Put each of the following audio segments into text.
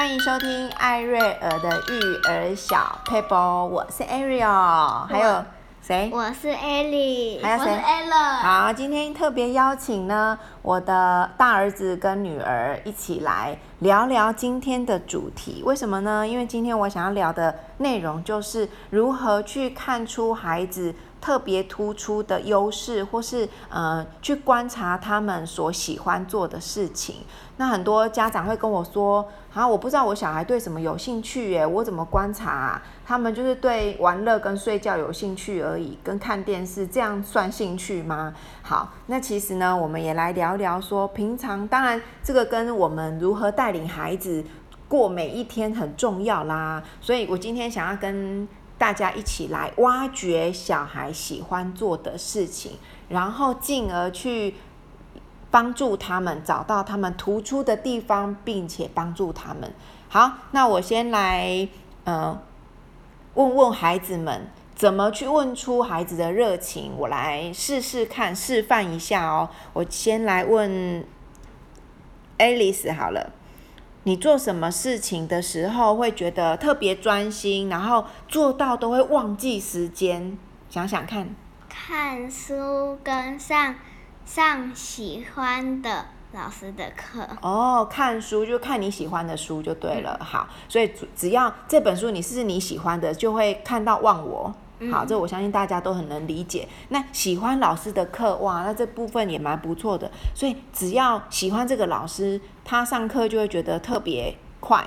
歡迎收聽艾瑞爾的《育兒小 paper》。我是艾瑞爾，還有誰？我是 Alice，還有誰？我是 Allen。好，今天特別邀請呢，我的大兒子跟女兒一起來聊聊今天的主題。為什麼呢？因為今天我想要聊的內容就是如何去看出孩子。特別突出的優勢，或是嗯、呃、去觀察他們所喜歡做的事情。那很多家長會跟我說：“啊，我不知道我小孩對什麼有興趣耶、欸，我怎麼觀察、啊？他們就是對玩樂跟睡覺有興趣而已，跟看電視這樣算興趣嗎？”好，那其實呢，我們也來聊聊說，平常當然這個跟我們如何帶領孩子過每一天很重要啦。所以我今天想要跟大家一起來挖掘小孩喜歡做的事情，然後進而去幫助他們找到他們突出的地方，並且幫助他們。好，那我先來，呃，問問孩子們怎麼去問出孩子的熱情。我來試試看，示範一下哦。我先來問 Alice 好了。你做什麼事情的時候會覺得特別專心，然後做到都會忘記時間？想想看，看書跟上上喜歡的老師的課。哦，看書就看你喜歡的書就對了。好，所以只要這本書你是你喜歡的，就會看到忘我。嗯，好，這我相信大家都很能理解。那喜歡老師的課哇，那這部分也蠻不錯的。所以只要喜歡這個老師，他上課就會覺得特別快，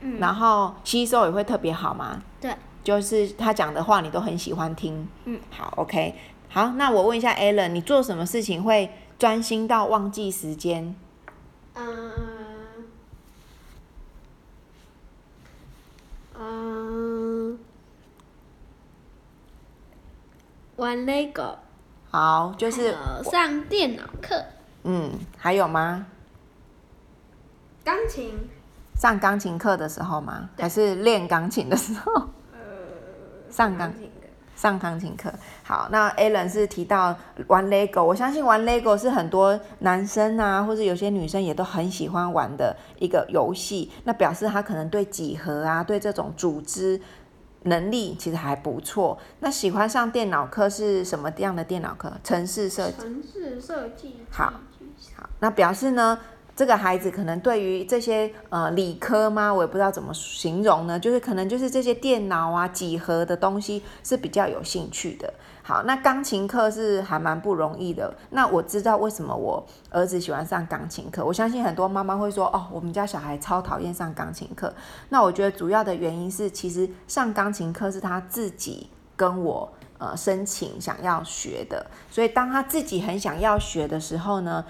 嗯，然後吸收也會特別好嘛。對，就是他講的話你都很喜歡聽。嗯，好，OK。好，那我問一下 Allen，你做什麼事情會專心到忘記時間？嗯。玩 LEGO。好，就是。上電腦課。嗯，還有嗎？鋼琴。上鋼琴課的時候嗎？還是練鋼琴的時候？呃、上鋼，鋼琴的上鋼琴課。好，那 Allen 是提到玩 LEGO，我相信玩 LEGO 是很多男生啊，或者有些女生也都很喜歡玩的一個遊戲。那表示他可能對幾何啊，對這種組織。能力其實還不錯。那喜歡上電腦課是什麼樣的電腦課？城市設計。城市設計。好，好，那表示呢？這個孩子可能對於這些呃理科嘛？我也不知道怎麼形容呢，就是可能就是這些電腦啊、幾何的東西是比較有興趣的。好，那鋼琴課是還蠻不容易的。那我知道為什麼我兒子喜歡上鋼琴課，我相信很多媽媽會說，哦，我們家小孩超討厭上鋼琴課。那我覺得主要的原因是，其實上鋼琴課是他自己跟我呃申請想要學的，所以當他自己很想要學的時候呢。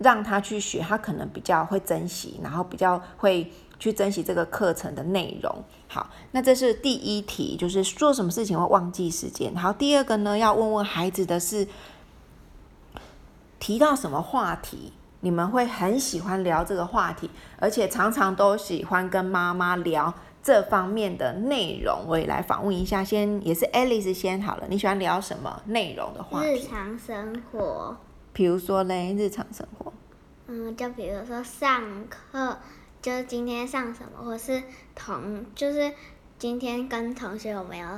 讓他去學，他可能比較會珍惜，然後比較會去珍惜這個課程的內容。好，那這是第一題，就是做什麼事情會忘記時間。好，第二個呢，要問問孩子的是，提到什麼話題，你們會很喜歡聊這個話題，而且常常都喜歡跟媽媽聊這方面的內容。我也來訪問一下，先也是 Alice 先好了，你喜歡聊什麼內容的話題？日常生活。比如說嘞，日常生活。嗯，就比如說上課，就是今天上什麼，或是同，就是今天跟同學有沒有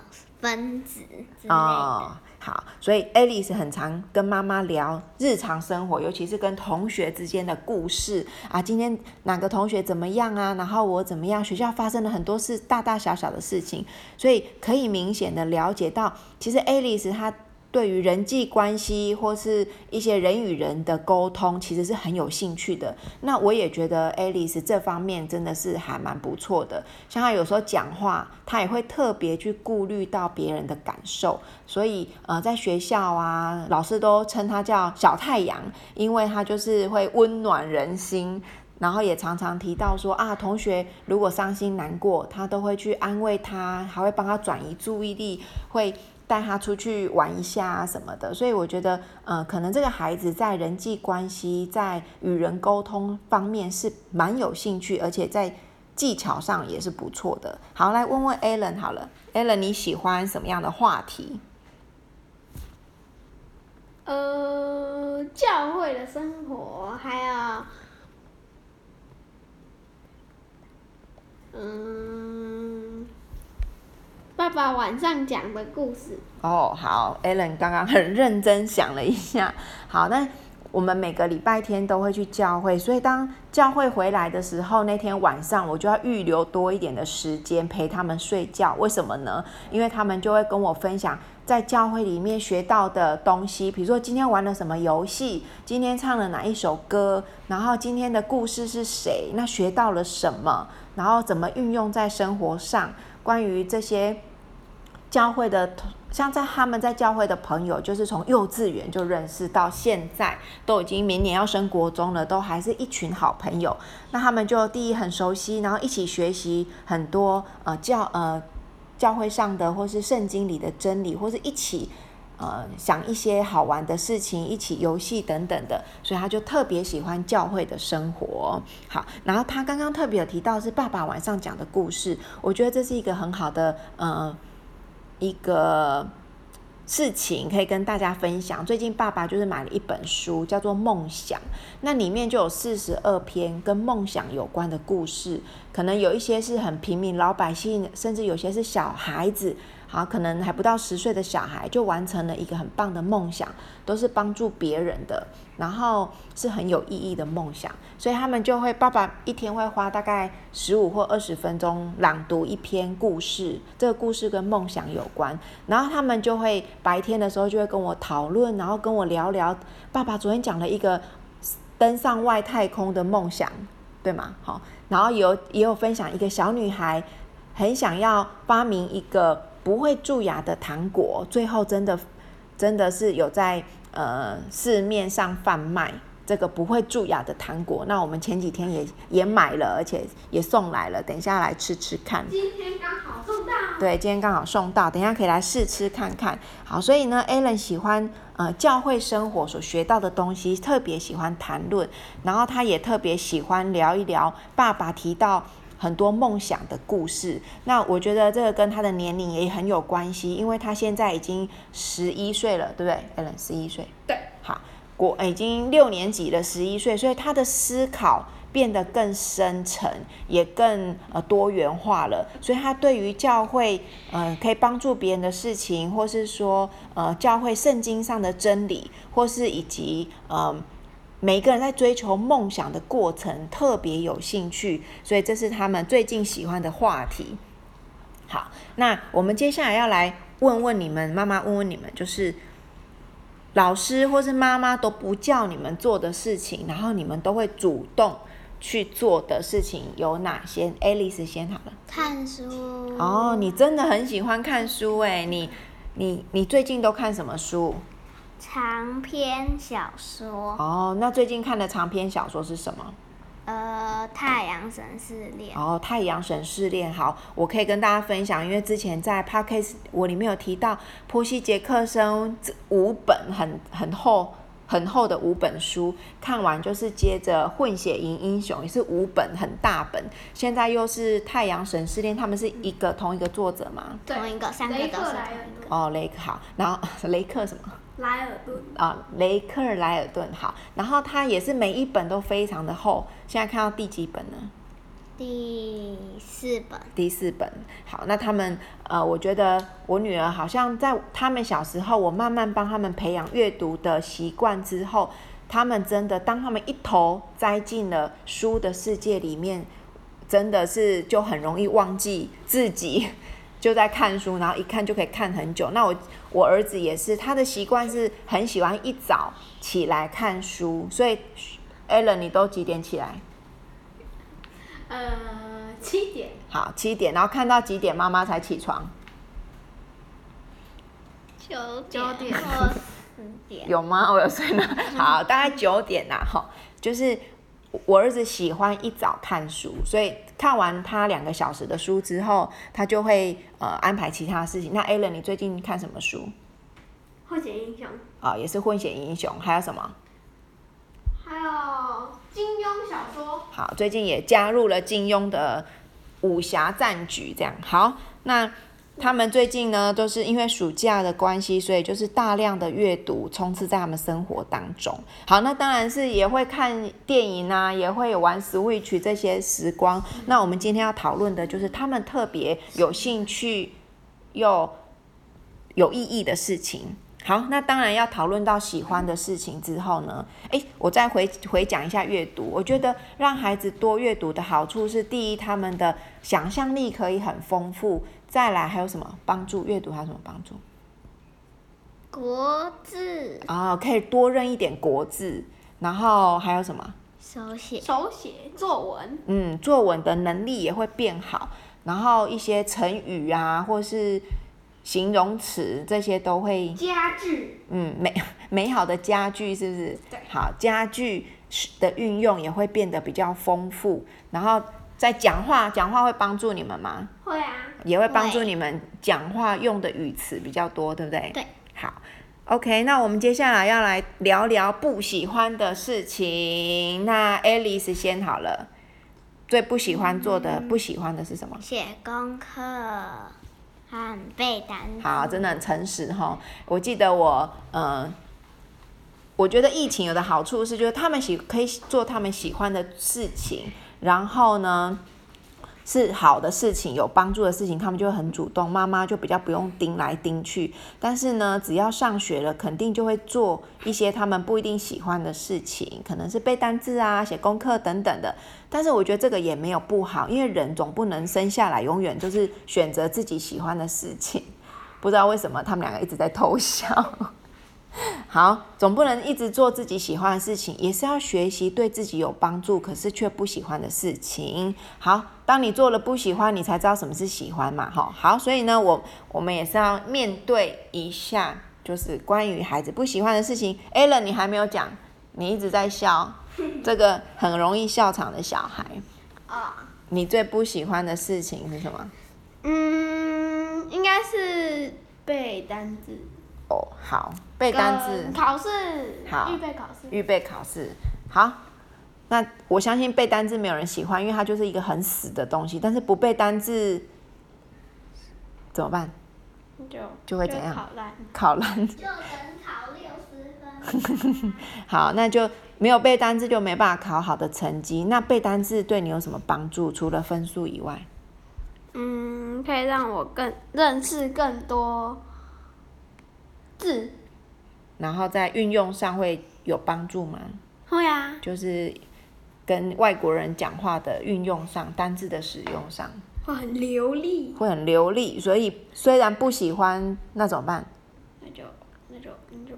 分組之類的。哦，好，所以 Alice 很常跟媽媽聊日常生活，尤其是跟同學之間的故事啊，今天哪個同學怎麼樣啊，然後我怎麼樣，學校發生了很多事，大大小小的事情，所以可以明顯的了解到，其實 Alice 她，對於人際關係或是一些人與人的溝通，其實是很有興趣的。那我也覺得 Alice 這方面真的是還蠻不錯的。像他有時候講話，他也會特別去顧慮到別人的感受。所以呃，在學校啊，老師都稱他叫“小太陽”，因為他就是會溫暖人心。然後也常常提到說啊，同學如果傷心難過，他都會去安慰他，還會幫他轉移注意力，會。帶他出去玩一下啊，什麼的。所以我覺得，嗯、呃，可能這個孩子在人際關係、在與人溝通方面是蠻有興趣，而且在技巧上也是不錯的。好，來問問 Allen 好了，Allen 你喜歡什麼樣的話題？呃，教會的生活，還有，嗯。爸爸晚上講的故事哦，oh, 好，Allen 剛剛很認真想了一下，好，那我們每個禮拜天都會去教會，所以當教會回來的時候，那天晚上我就要預留多一點的時間陪他們睡覺。為什麼呢？因為他們就會跟我分享在教會裡面學到的東西，比如說今天玩了什麼遊戲，今天唱了哪一首歌，然後今天的故事是誰，那學到了什麼，然後怎麼運用在生活上。關於這些教會的，像在他們在教會的朋友，就是從幼稚園就認識，到現在都已經明年要升國中了，都還是一群好朋友。那他們就第一很熟悉，然後一起學習很多呃教、呃教會上的或是聖經裡的真理，或是一起。呃、嗯，想一些好玩的事情，一起遊戲等等的，所以他就特別喜歡教會的生活。好，然後他剛剛特別有提到是爸爸晚上講的故事，我覺得這是一個很好的呃、嗯、一個事情，可以跟大家分享。最近爸爸就是買了一本書，叫做《夢想》，那裡面就有四十二篇跟夢想有關的故事，可能有一些是很平民老百姓，甚至有些是小孩子。好，可能還不到十歲的小孩就完成了一個很棒的夢想，都是幫助別人的，然後是很有意義的夢想，所以他們就會爸爸一天會花大概十五或二十分鐘朗讀一篇故事，這個故事跟夢想有關，然後他們就會白天的時候就會跟我討論，然後跟我聊聊爸爸昨天講了一個登上外太空的夢想，對嗎？好，然後也有也有分享一個小女孩很想要發明一個。不會蛀牙的糖果，最後真的，真的是有在呃市面上販賣這個不會蛀牙的糖果。那我們前幾天也也買了，而且也送來了，等一下來吃吃看。今天剛好送到，對，今天剛好送到，等一下可以來試吃看看。好，所以呢，Allen 喜歡呃教會生活所學到的東西，特別喜歡談論，然後他也特別喜歡聊一聊。爸爸提到。很多夢想的故事。那我覺得這個跟他的年齡也很有關係，因為他現在已經十一歲了，對不對？Allen，十一歲。對，好，過已經六年級了，十一歲，所以他的思考變得更深層，也更呃多元化了。所以他對於教會，嗯、呃，可以幫助別人的事情，或是說呃教會聖經上的真理，或是以及嗯。呃每個人在追求夢想的過程，特別有興趣，所以這是他們最近喜歡的話題。好，那我們接下來要來問問你們，媽媽問問你們，就是老師或是媽媽都不叫你們做的事情，然後你們都會主動去做的事情有哪些？Alice 先好了，看書。哦，你真的很喜歡看書誒，你、你、你最近都看什麼書？長篇小說。哦，那最近看的長篇小說是什麼？呃，太陽神試煉。哦，太陽神試煉，好，我可以跟大家分享，因為之前在 Podcast 我裡面有提到，波西·傑克森五本很很厚很厚的五本書，看完就是接着混血營英雄也是五本很大本，現在又是太陽神試煉，他們是一個、嗯、同一個作者嘛？同一個三個都是。哦，雷克好，然後雷克什麼？萊爾頓啊，雷克萊爾頓好，然後他也是每一本都非常的厚。現在看到第幾本呢？第四本。第四本好，那他們呃，我覺得我女兒好像在他們小時候，我慢慢幫他們培養閱讀的習慣之後，他們真的，當他們一頭栽進了書的世界裡面，真的是就很容易忘記自己。就在看書，然後一看就可以看很久。那我我兒子也是，他的習慣是很喜歡一早起來看書。所以 Allen 你都幾點起來？嗯、呃，七點。好，七點，然後看到幾點媽媽才起床？九點九點？ 有嗎？我有睡呢。 好，大概九點呐，吼，就是我兒子喜歡一早看書，所以。看完他兩個小時的書之後，他就會呃安排其他事情。那 Allen，你最近看什麼書？混血英雄啊，哦，也是混血英雄，還有什麼？還有金庸小說。好，最近也加入了金庸的武俠戰局，這樣好那。他們最近呢，都是因為暑假的關係，所以就是大量的閱讀充斥在他們生活當中。好，那當然是也會看電影啊，也會玩 Switch 這些時光。那我們今天要討論的就是他們特別有興趣又有意義的事情。好，那當然要討論到喜歡的事情之後呢，誒，我再回回講一下閱讀。我覺得讓孩子多閱讀的好處是，第一，他們的想象力可以很豐富。再來還有什麼幫助閱讀？還有什麼幫助？國字啊、哦，可以多認一點國字。然後還有什麼？手寫手寫作文。嗯，作文的能力也會變好。然後一些成語啊，或是形容詞這些都會。佳句，嗯，美美好的佳句是不是？對，好，佳句的運用也會變得比較豐富。然後在講話，講話會幫助你們嗎？會啊。也會幫助你們講話用的語詞比較多，對不對？對。好，OK，那我們接下來要來聊聊不喜歡的事情。那 Alice 先好了，最不喜歡做的、嗯、不喜歡的是什麼？寫功課，很背單詞。好，真的很誠實哈、哦。我記得我，嗯、呃，我覺得疫情有的好處是，就是他們喜可以做他們喜歡的事情，然後呢，是好的事情，有幫助的事情，他們就會很主動，媽媽就比較不用盯來盯去。但是呢，只要上學了，肯定就會做一些他們不一定喜歡的事情，可能是背單字啊、寫功課等等的。但是我覺得這個也沒有不好，因為人總不能生下來永遠就是選擇自己喜歡的事情。不知道為什麼他們兩個一直在偷笑。好，總不能一直做自己喜歡的事情，也是要學習對自己有幫助，可是卻不喜歡的事情。好，當你做了不喜歡，你才知道什麼是喜歡嘛。哈，好，所以呢，我我們也是要面對一下，就是關於孩子不喜歡的事情。Allen，你還沒有講，你一直在笑，這個很容易笑場的小孩。啊。你最不喜歡的事情是什麼？嗯，應該是背單詞。哦、好，背單字、嗯、考試，好，預備考試，預備考試，好。那我相信背單字沒有人喜歡，因為它就是一個很死的東西。但是不背單字怎麼辦？就就會怎樣？考爛，考爛，就只考六十分。 好，那就沒有背單字，就沒辦法考好的成績。那背單字對你有什麼幫助？除了分數以外，嗯，可以讓我更認識更多。然後在運用上會有幫助嗎？會呀，啊。就是跟外國人講話的運用上，單字的使用上，會很流利，會很流利。所以雖然不喜歡，那怎麼辦？那就那就那就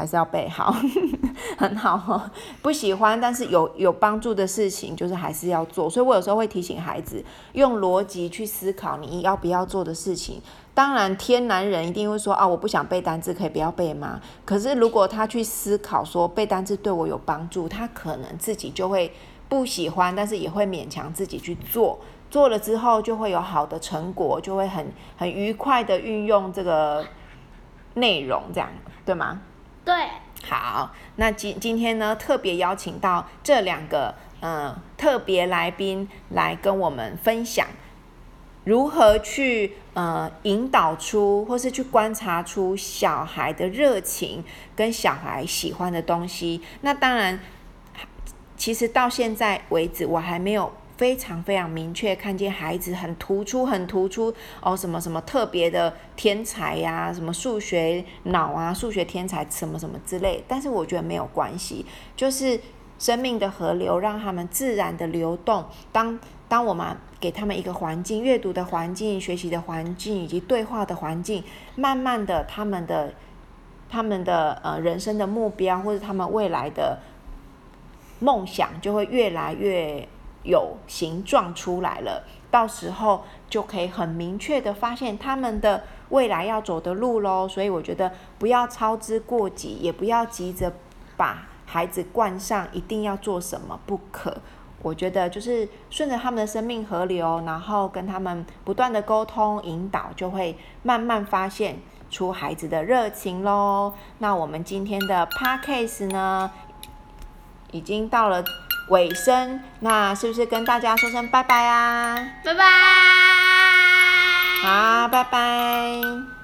還是要背好呵呵，很好。不喜歡，但是有有幫助的事情，就是還是要做。所以我有時候會提醒孩子用邏輯去思考你要不要做的事情。當然，天南人一定會說啊，我不想背單詞，可以不要背嗎？可是如果他去思考說，背單詞對我有幫助，他可能自己就會不喜歡，但是也會勉強自己去做。做了之後，就會有好的成果，就會很很愉快的運用這個內容，這樣對嗎？好，那今今天呢，特別邀請到這兩個嗯、呃、特別來賓來跟我們分享，如何去嗯、呃、引導出，或是去觀察出小孩的熱情跟小孩喜歡的東西。那當然，其實到現在為止，我還沒有。非常非常明確，看見孩子很突出，很突出哦，什麼什麼特別的天才呀、啊，什麼數學腦啊，數學天才什麼什麼之類。但是我覺得沒有關係，就是生命的河流讓他們自然的流動。當當我們、啊、給他們一個環境，閱讀的環境、學習的環境以及對話的環境，慢慢的，他們的，他們的他們的呃人生的目標或者他們未來的夢想就會越來越。有形狀出來了，到時候就可以很明確的發現他們的未來要走的路嘍。所以我覺得不要操之過急，也不要急着把孩子灌上一定要做什麼不可。我覺得就是順着他們的生命河流，然後跟他們不斷的溝通引導，就會慢慢發現出孩子的熱情嘍。那我們今天的 podcast 呢，已經到了。尾聲，那是不是跟大家說聲拜拜啊？拜拜，好，拜拜。